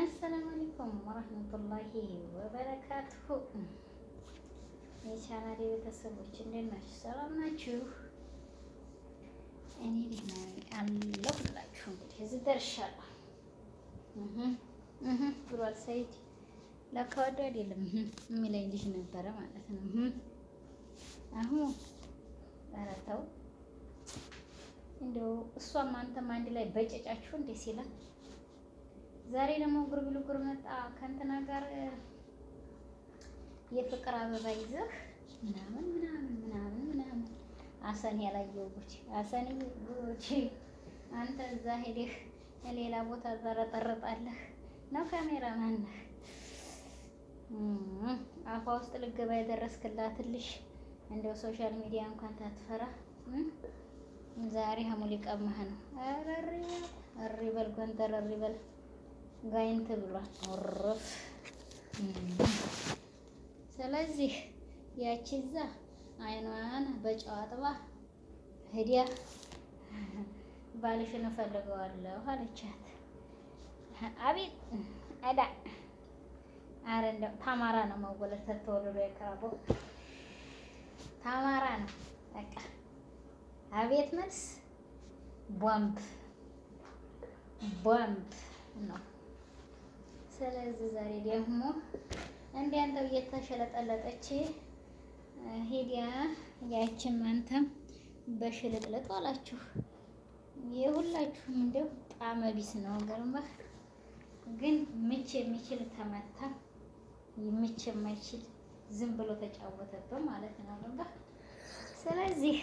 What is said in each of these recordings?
አሰላሙ አለይኩም ወረህመቱላሂ ወበረካቱሁ። የቻናሌ ቤተሰቦች እንዴት ናችሁ? ሰላም ናችሁ? እኔ ደህና አለሁ ብላችሁ እንግዲህ እዚህ ደርሻለሁ ብሏል ሰይድ። ለካ ወዲያው አይደለም የሚለኝ ልጅ ነበረ ማለት ነው። አሁን ኧረ ተው እንደው እሷም አንተም አንድ ላይ በጨጫችሁ እንደ ሲላል ዛሬ ደግሞ ጉርብሉ ጉር መጣ ከእንትና ጋር የፍቅር አበባ ይዘህ ምናምን ምናምን ምናምን ምናምን አሰን ያላየው ጉች አሰን ጉች አንተ እዛ ሄደህ ሌላ ቦታ ዘረጠረጣለህ ነው ካሜራ ማን ነህ? አፋ ውስጥ ልገባ የደረስክላትልሽ እንደው ሶሻል ሚዲያ እንኳን ታትፈራ ዛሬ ሀሙሊ ቀማህ ነው። ኧረ እሪ በል ጎንደር እሪ በል ጋይንት ብሏል ወረፍ። ስለዚህ ያቺ እዛ አይኗን በጨው አጥባ ሂዲያ ባልሽን እፈልገዋለሁ አለቻት። አቤት አዳ አረ እንደው ታማራ ነው መወለድ ተተወለዶ የቀረበ ታማራ ነው በቃ። አቤት መልስ ቦምብ ቦምብ ነው። ስለዚህ ዛሬ ደግሞ እንዲያንተው እየተሸለጠለጠች ሄዲያ ያችን ማንተም በሽልጥልጥ አላችሁ። የሁላችሁም እንደው ጣመ ቢስ ነው ገርማ ግን ምች የሚችል ተመታ ምች የማይችል ዝም ብሎ ተጫወተበት ማለት ነው ገርማ ስለዚህ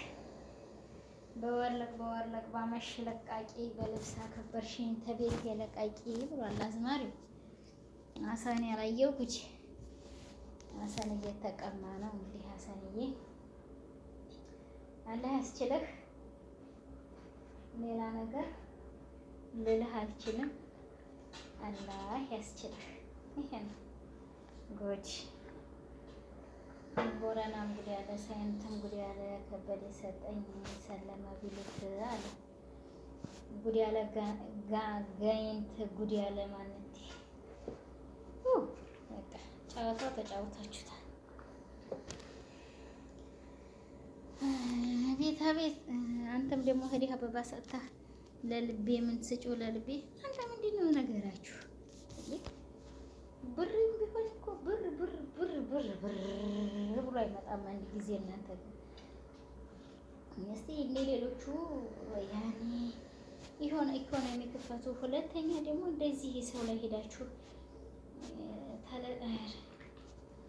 በወርለቅ በወርለቅ ባመሽ ለቃቂ በልብስ አከበርሽኝ ተቤት የለቃቂ ብሏል አዝማሪው። አሰን ያላየው ጉጂ ሀሰን እየተቀማ ነው። እንግዲህ ሀሰንዬ አላህ ያስችልህ። ሌላ ነገር ልልህ አልችልም። አላህ ያስችልህ። ይሄን ነው ቦረናም ጉድ ያለ ሳይንትም ጉድ ያለ ከበደ ሰጠኝ ሰለመ ቢልት አለ ጉድ ያለ ጋይንት ጉድ ያለ ማነት ጨዋታ ተጫውታችሁታል። ቤታ ቤት አንተም ደግሞ ሄደህ አበባ ሰጥታ ለልቤ ምን ስጪው ለልቤ አንተ ምንድን ነው ነገራችሁ? ብር ቢሆን እኮ ብር ብር ብር ብር ብር ብሎ አይመጣም አንድ ጊዜ እናንተ እስቲ እንደ ሌሎቹ ያኔ የሆነ ኢኮኖሚ ክፈቱ። ሁለተኛ ደግሞ እንደዚህ ሰው ላይ ሄዳችሁ ተለ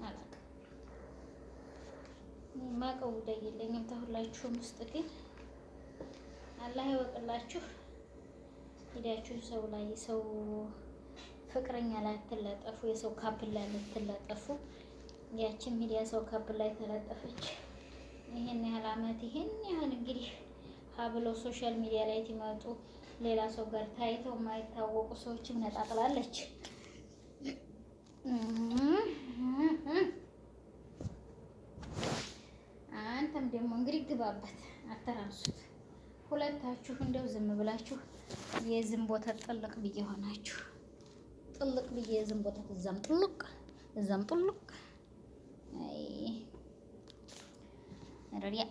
አላውቅም። ጉዳይ የለኝም። ተሁላችሁም ውስጥ ግን አላህ ይወቅላችሁ። ሂዳችሁ ሰው ላይ ሰው ፍቅረኛ ላይ አትለጠፉ። የሰው ካፕል ላይ አትለጠፉ። ያቺም ሰው ካፕል ላይ ተለጠፈች። ይሄን ያህል አመት ይሄን ያህል እንግዲህ ሶሻል ሚዲያ ላይ ሲመጡ ሌላ ሰው ጋር ታይተው የማይታወቁ ሰዎችን ነጣጥላለች። አንተም ደግሞ እንግዲህ ግባበት፣ አተራምሱት ሁለታችሁ እንደው ዝም ብላችሁ የዝም ቦታ ጥልቅ ብዬ ሆናችሁ ጥልቅ ብዬ የዝም ቦታ እዛም ጥልቅ እዛም ጥልቅ። ረዲያ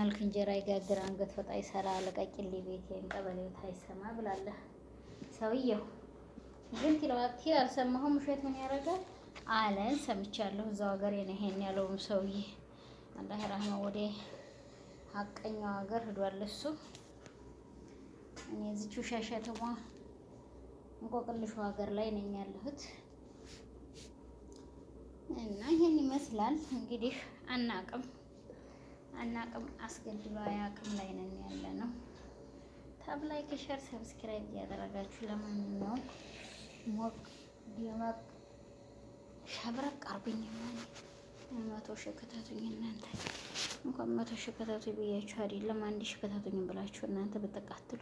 መልክ እንጀራ ይጋግር አንገት ወጣ ይሰራ። ለቀቂል ቤት ቀበሌ አይሰማ ብላለህ ሰውየው። ግን ቲለዋቲ አልሰማሁም። ውሸት ምን ያደርጋል አለን። ሰምቻለሁ እዛው ሀገር ይሄን ያለውን ሰውዬ አላህ ረህማ ወደ ሀቀኛው ሀገር ሂዷል እሱ። እኔ እዚች ሻሸተማ እንቆቅልሹ ሀገር ላይ ነኝ ያለሁት እና ይሄን ይመስላል እንግዲህ። አናቅም አናቅም፣ አስገድሎ አያቅም ላይ ነን ያለ ነው። ታብ ላይክ፣ ሸር፣ ሰብስክራይብ እያደረጋችሁ ለማንኛውም ሞቅ ደመቅ ሸብረቅ አርብኝ መቶ ሺህ ከታቱኝ እናንተ እንኳን መቶ ሺህ ከታቱኝ ብያችሁ አይደለም አንድ ሺህ ከታቱኝ ብላችሁ እናንተ ብትቃትሉ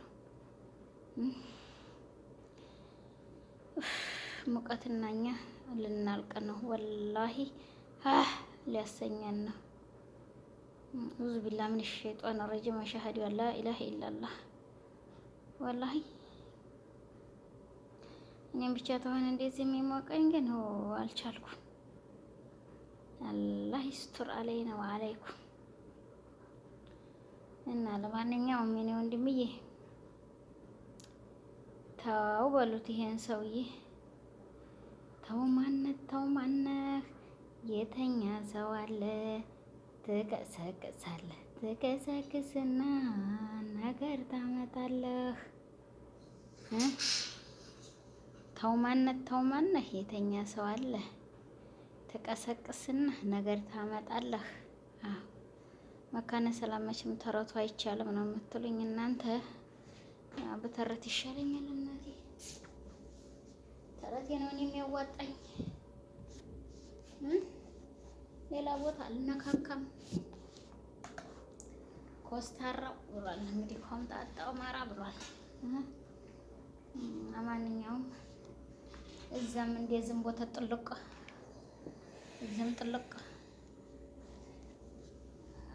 ሙቀትና እኛ ልናልቅ ነው። ወላሂ አህ ሊያሰኛን ነው። ኡዙ ቢላ ምን ሸይጣን ረጅም አሻሃዲ ወላ ኢላህ ኢላላህ ወላሂ እኔም ብቻ ተሆነ እንደዚህ የሚሞቀኝ ግን አልቻልኩም። አላህ ይስቱር አለይና ወአለይኩም። እና ለማንኛውም የኔ ወንድምዬ ተው በሉት ይሄን ሰውዬ ተው ማነት ተው ማነህ የተኛ ሰው አለ ትቀሰቅሳለህ፣ ትቀሰቅስና ነገር ታመጣለህ። ታውማነት ተውማነህ የተኛ ሰው አለ ተቀሰቅስና ነገር ታመጣለህ። መካነ ሰላም መቼም ተረቱ አይቻልም ነው የምትሉኝ እናንተ። በተረት ይሻለኛል እናቴ፣ ተረቴ ነው የሚያዋጣኝ። ሌላ ቦታ አልነካካም። ኮስታራው ብሏል እንግዲህ፣ ኮምጣጣው ማራ ብሏል። ለማንኛውም እዛም እንደ ዝም ቦታ ጥልቅ እዛም ጥልቅ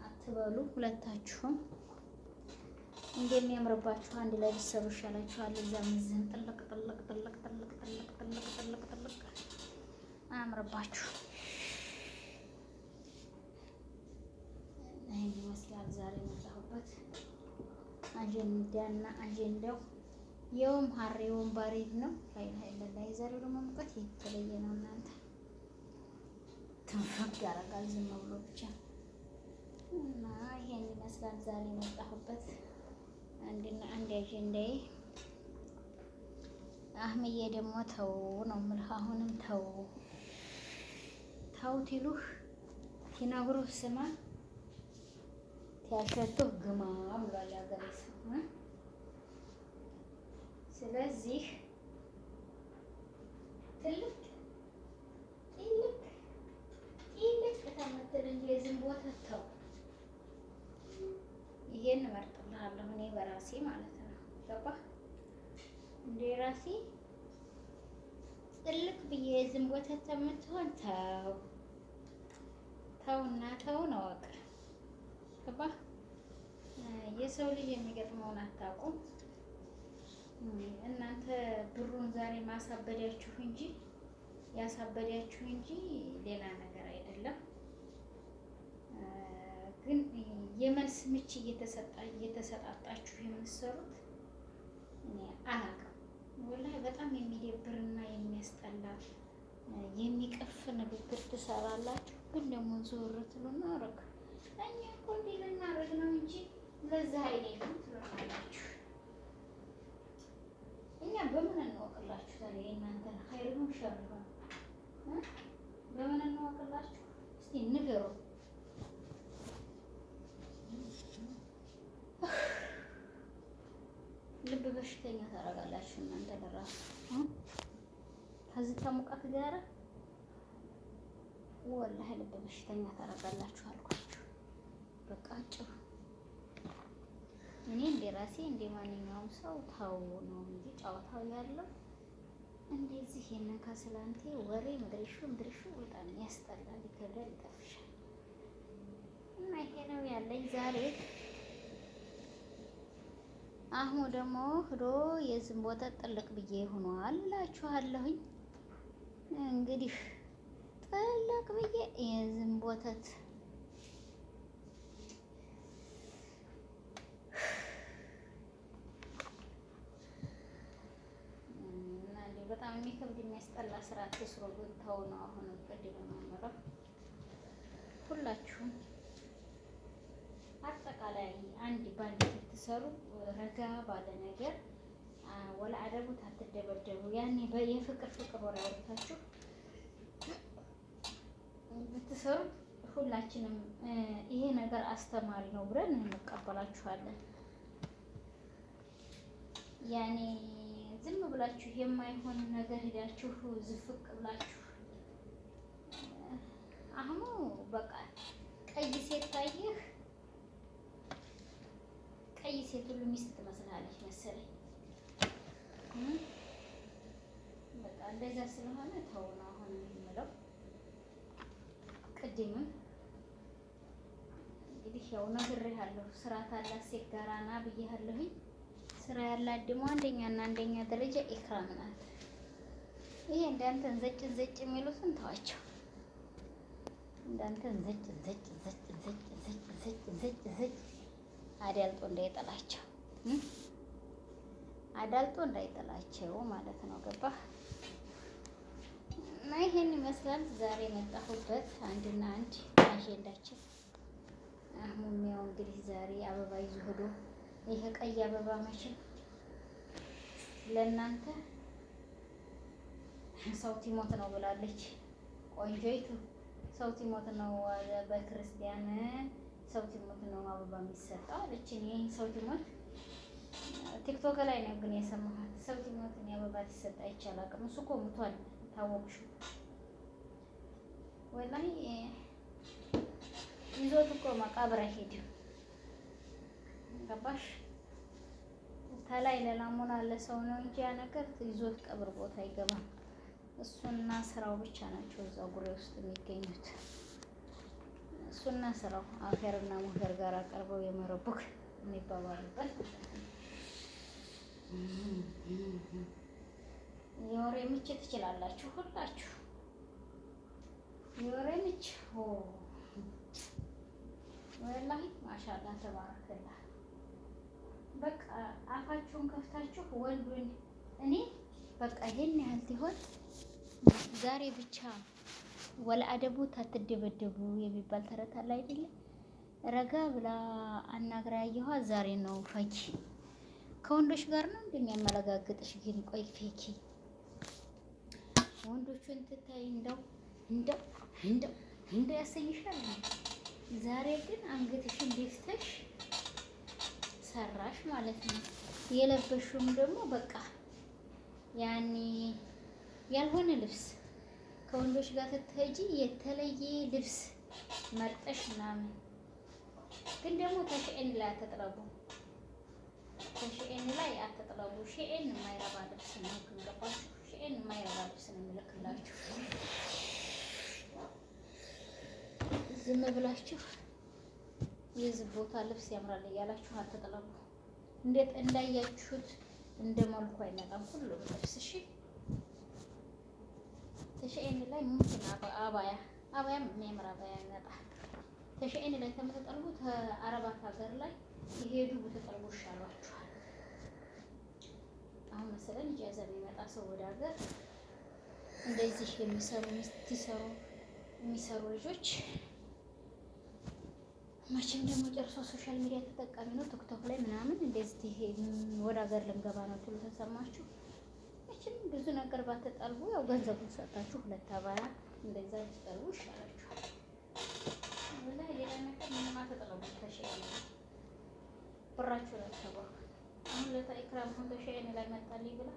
አትበሉ ሁለታችሁም እንደሚያምርባችሁ አንድ ላይ ብትሰሩ ይሻላችኋል። እዛም እዚህም ጥልቅ ጥልቅ ጥልቅ ጥልቅ ጥልቅ ጥልቅ ጥልቅ ጥልቅ አያምርባችሁ። ይህን ይመስላል ዛሬ የመጣሁበት አጀንዳና አጀንዳው የውም ሀሬ ወንባሬ ነው ላይላ ለላ የዛሬው ደግሞ ሙቀት የተለየ ነው። እናንተ ትንፈግ ያረጋል ዝም ብሎ ብቻ እና ይሄን ይመስላል ዛሬ የመጣሁበት አንድና አንድ አጀንዳዬ። አህምዬ ደግሞ ተው ነው የምልህ። አሁንም ተው ተው ትሉህ ትነግሩህ ስማ ትያሸቱህ ግማ ብሏል ያገሬ ሰው ስለዚህ ትልቅ ትልቅ ትልቅ ተመትል እንጂ ቦታ ተው ይሄን እመርጥልሃለሁ እኔ በራሴ ማለት ነው። ገባህ እንዴ? ራሴ ትልቅ ብዬ ቦታ ተምትሆን ተው ተውና ነው አወቅ ገባህ። የሰው ልጅ የሚገጥመውን አታውቁም። እናንተ ብሩን ዛሬ ማሳበዳችሁ እንጂ ያሳበዳችሁ እንጂ ሌላ ነገር አይደለም። ግን የመልስ ምች እየተሰጣጣችሁ የምትሰሩት እኔ አላውቅም። ወላሂ በጣም የሚደብርና የሚያስጠላ የሚቀፍ ንግግር ትሰራላችሁ። ግን ደግሞ ዞር ትሉና ረግ እኛ እኮ እንዲህ ልናደርግ ነው እንጂ ለዛ አይደለም ትሉናላችሁ። እኛ በምን እንወቅላችሁ ታዲያ የእናንተን ኸይሩን ሸሩን በምን እንወቅላችሁ? እስቲ ንገሩ። ልብ በሽተኛ ታደርጋላችሁ እናንተ ለራሱ ከዚህ ጋር ወላሂ ልብ በሽተኛ ታደርጋላችሁ አልኳችሁ። በቃ አጭሩ እኔ እንደ ራሴ እንደ ማንኛውም ሰው ታው ነው እንጂ ጨዋታው ያለው እንደዚህ የነካ ስላንቴ ወሬ ምድርሹ ምድርሹ በጣም ያስጠላል፣ ይከብዳል፣ ይጠፍሻል። እና ይሄ ነው ያለኝ ዛሬ። አሁን ደግሞ ህዶ የዝም ቦታ ጥልቅ ብዬ ሆኗል እላችኋለሁኝ። እንግዲህ ጥልቅ ብዬ የዝም ቦተት የሚከብድ የሚያስጠላ ስራ አትስሩ። ግን ተው ነው አሁን ቅድ በመምረው ሁላችሁም አጠቃላይ አንድ ባንድ ስትሰሩ ረጋ ባለ ነገር ወለ አደቡት አትደበደቡ። ያኔ የፍቅር ፍቅር ወሬ አውርታችሁ ብትሰሩ ሁላችንም ይሄ ነገር አስተማሪ ነው ብለን እንቀበላችኋለን ያኔ ዝም ብላችሁ የማይሆን ነገር ሄዳችሁ ዝፍቅ ብላችሁ አህሙ በቃ ቀይ ሴት ታየህ፣ ቀይ ሴት ሁሉ ሚስት ትመስላለች መሰለኝ። በቃ እንደዛ ስለሆነ ተው ነው አሁን የምለው። ቅድምም እንግዲህ ያው ነግሬሃለሁ፣ ስራ ታላት ሴት ጋራ ና ብዬሃለሁኝ። ስራ ያላት ደግሞ አንደኛና አንደኛ ደረጃ ኢክራም ናት። ይሄ እንዳንተን ዘጭ ዘጭ የሚሉትን ተዋቸው። እንዳንተ ዘጭ ዘጭ ዘጭ ዘጭ ዘጭ ዘጭ ዘጭ ዘጭ አዳልጦ እንዳይጠላቸው አዳልጦ እንዳይጠላቸው ማለት ነው። ገባህ? እና ይሄን ይመስላል ዛሬ የመጣሁበት አንድና አንድ አጀንዳችን አሁን ያው እንግዲህ ዛሬ አበባ ይዞ ሄዶ ይሄ ቀይ አበባ መቼም ለእናንተ ሰው ቲሞት ነው ብላለች ቆንጆይቱ። ሰው ቲሞት ነው በክርስቲያን ሰው ቲሞት ነው አበባ የሚሰጠው አለች። እኔ ሰው ቲሞት ቲክቶክ ላይ ነው ግን የሰማሁት። ሰው ቲሞት ነው አበባ ሲሰጥ አይቻል አቅም እሱ እኮ ሙቷል። ታወቅሹ ወላሂ ይዞት እኮ መቃብር አይሄድም። ገባሽ? ተላይ አለ ሰው ነው እንጂ ያ ነገር ይዞት ቀብር ቦታ አይገባም። እሱና ስራው ብቻ ናቸው እዛ ጉሬ ውስጥ የሚገኙት። እሱና ስራው አፌርና ሙሄር ጋር ቀርበው የመረቡክ የሚባባሉበት የወሬ ምች ትችላላችሁ ሁላችሁ። የወሬ ምች ወላሂ ማሻላ ተባረክላ በቃ አፋችሁን ከፍታችሁ ወልዱኝ። እኔ በቃ ይሄን ያህል ሲሆን ዛሬ ብቻ ወለአደቡ ታትደበደቡ የሚባል ተረት አለ አይደለም? ረጋ ብላ አናግራ ያየኋ ዛሬ ነው። ፈኪ ከወንዶች ጋር ነው እንደሚያመለጋግጥሽ። ግን ቆይ ፈኪ ወንዶቹን ትታይ እንደው እንደው እንደው እንደው ያሰይሻል። ዛሬ ግን አንገትሽን ደፍተሽ ሰራሽ ማለት ነው። የለበሽውም ደግሞ በቃ ያኔ ያልሆነ ልብስ ከወንዶች ጋር ስትሄጂ የተለየ ልብስ መርጠሽ ምናምን ግን ደግሞ ተሽኤን ላይ አትጥረቡ። ተሽኤን ላይ አትጥረቡ። ሽኤን የማይረባ ልብስ ነው የምንገባችሁ። ሽኤን የማይረባ ልብስ ነው የምልክላችሁ ዝም ብላችሁ የህዝብ ቦታ ልብስ ያምራል እያላችሁ አትጥለቡ። እንዴት እንዳያችሁት እንደ መልኩ አይመጣም ሁሉም ልብስ። እሺ ተሸይን ላይ ሙምኪን አባያ አባያ የሚያምር አባያ ይመጣል። ተሸይን ላይ ከምትጠልቡ ከአረባት ሀገር ላይ የሄዱ ብትጠልቡ ይሻሏችኋል። አሁን መሰለን ኢጃዛ የሚመጣ ሰው ወደ ሀገር እንደዚህ የሚሰሩ የሚሰሩ የሚሰሩ ልጆች መቼም ደግሞ ጨርሶ ሶሻል ሚዲያ ተጠቃሚ ነው። ቲክቶክ ላይ ምናምን እንደዚህ ወደ ሀገር ልንገባ ነው ትሉ ተሰማችሁ። መቼም ብዙ ነገር ባትጠልቡ፣ ያው ገንዘቡን ሰጣችሁ ሁለት አባላት እንደዛ ትጠልቡ ይሻላችኋል። ላ ሌላ ነገር ተሸይ ብራችሁ ላሰባ አሁን ለታ ኢክራም ሁን ተሸይን ላይ መጣልኝ ብላ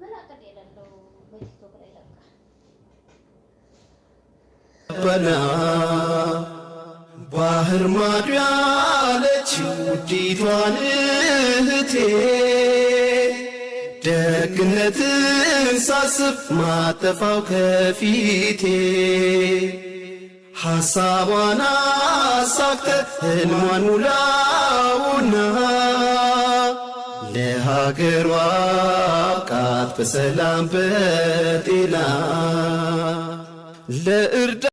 ምን አቅድ የሌለው በቲክቶክ ላይ ለቃ ባህር ማዶ ያለችው ውዲቷን እህቴ ደግነትን ሳስብ ማጠፋው ከፊቴ ሐሳቧን አሳክተ ህልሟን ውላውና ለሀገሯ አብቃት በሰላም በጤና ለእርዳ